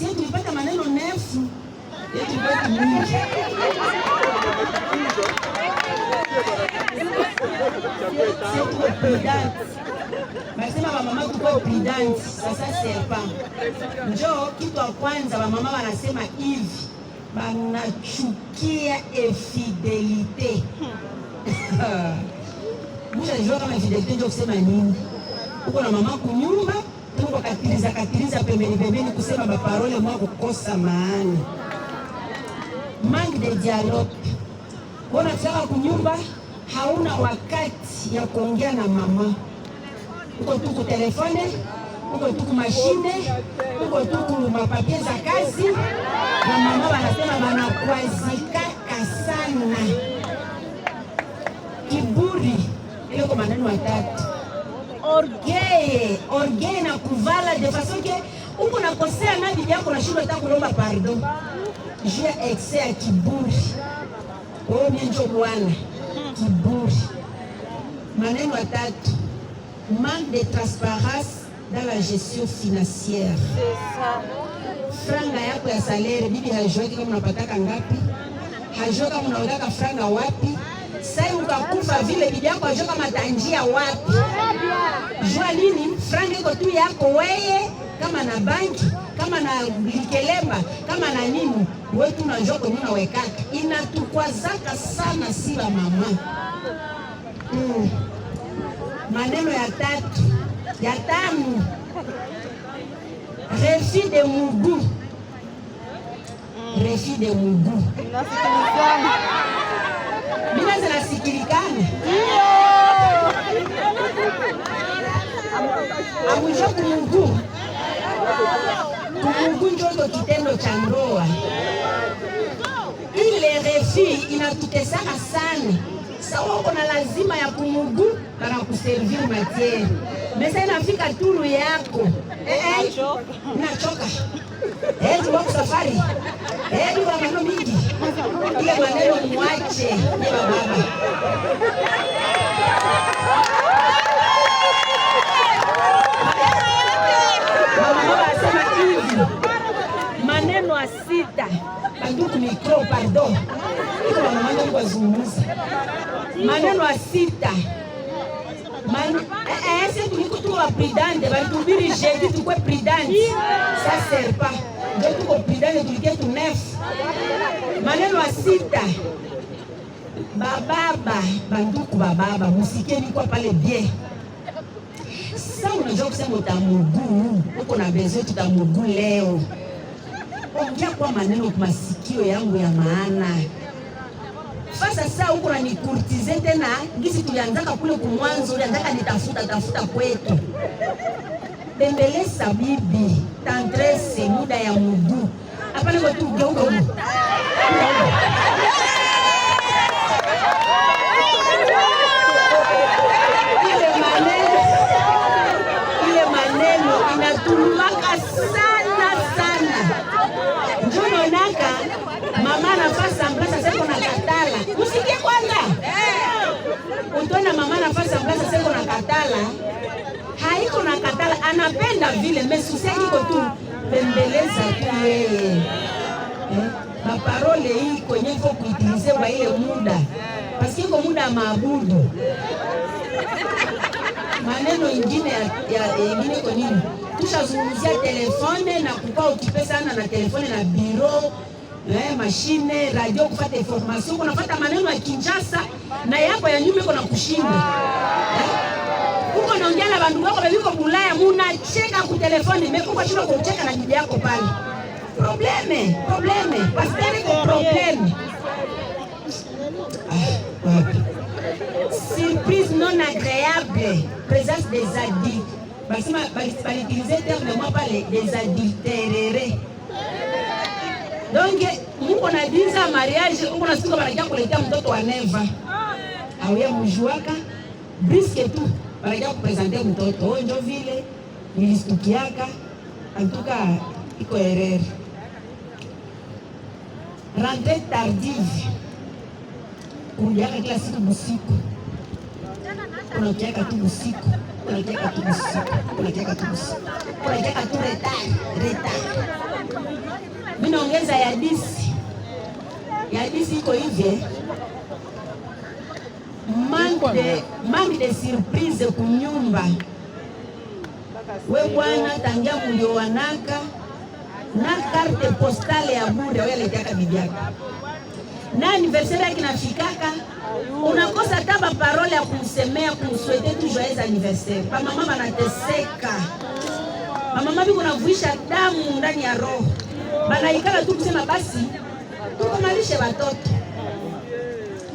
Sijaipata maneno nafsi yajipata mingi basema bamama tuko prudence. Sasa serpa njo kitu ya kwanza bamama wanasema hivi, banachukia infidelite musha. Najua kama infidelite njo kusema nini, uko na mama kunyumba tuko katiliza katiliza pembeni pembeni kusema maparole mwa kukosa maana mangi de dialogue. Kona taka kunyumba, hauna wakati ya kuongea na mama, uko tuku telefone, uko tuku mashine, uko tuku mapapie za kazi, na mama wanasema wanakwazikaka sana. Kiburi ileko maneno matatu orgueil, orgueil na kuvala de façon que uko nakosea pardon. un excès ya kiburi. Oh, ndio bwana. Kiburi. Manque de transparence dans la gestion financière. Franga yako ya salaire bibi kama unapataka ngapi? franga wapi? sai ukakufa vile kijako kama matanjia wapi? Jua lini franga iko tu yako weye, kama na banki kama na likelemba kama na nini wetu na njoko muna wekaka inatukwazaka sana, si ba mama mm. Maneno ya tatu ya tamu refi de mugu refi de mugu Mina zinasikilikana amwisho kumugu kumugu njondo kitendo cha ndoa ile refi inatutesaka sana sawoko na lazima ya kumugu kana kuserviri matieri mesa inafika tulu yako eh, eh. nachoka etuwakusafari eh, niache ya mama maneno ya sita ese pridande batubiri jeudi tukwe pridande sa serpa ndio tuko pridande tulikie tu neuf maneno ya sita Bababa, banduku bababa, musikieni kwa pale bien. Sasa unajua kusema utamuguu, uko na bezio tutamuguu leo. Ongea kwa maneno masikio yangu ya maana. Sasa sasa uko na tena, ngisi tulianzaka kule kumwanzo, ulianzaka nitafuta tafuta kwetu. Bembeleza bibi, tantrese muda ya muguu. Hapana kwa katala haiko katala anapenda vile mesuseiko tu pembeleza tu yeye eh, maparole hii kwenye ko kuitilize kwa ile muda paske iko muda ya maabudu maneno ingine ya ingine kwa nini, tushazungumzia telefone na kukaa ukipe sana na telefone na biro eh, mashine radio kufata information, kunafata maneno ya kinjasa na yako ya nyuma iko na kushinda uko naongea na bandu bako bebiko kulaya, munacheka kutelefoni, mekuka shida kucheka na jibu yako pale. Probleme, probleme, pasteri ko probleme. Ah, Surprise non agréable, présence des addicts. Basima balitilize terme mwa pale des adultérés. Donc muko na diza mariage, uko na siku banakia kuletea mtoto wa neva. Ah, ah. Auye mujuaka, briske tu banakia kupresente mtoto njo vile nilistukiaka antuka iko erere rante tardive kurudiaka kila siku kuna unakiaka tu musiku unakiaka tu kuna unakiaka tu musiku unakiaka tu retard retard minaongeza ya disi ya disi iko hivi de manque de surprise kunyumba we bwana, tangia muliowanaka na carte postale ya bure weyaletiaka bibiaka na anniversaire yakinafikaka, unakosa hata baparole ya kumsemea kumswete tu joyeux anniversaire. Bamama banateseka, bamama biko navuisha damu ndani ya roho, banaikala tu kusema basi tukomalishe batoto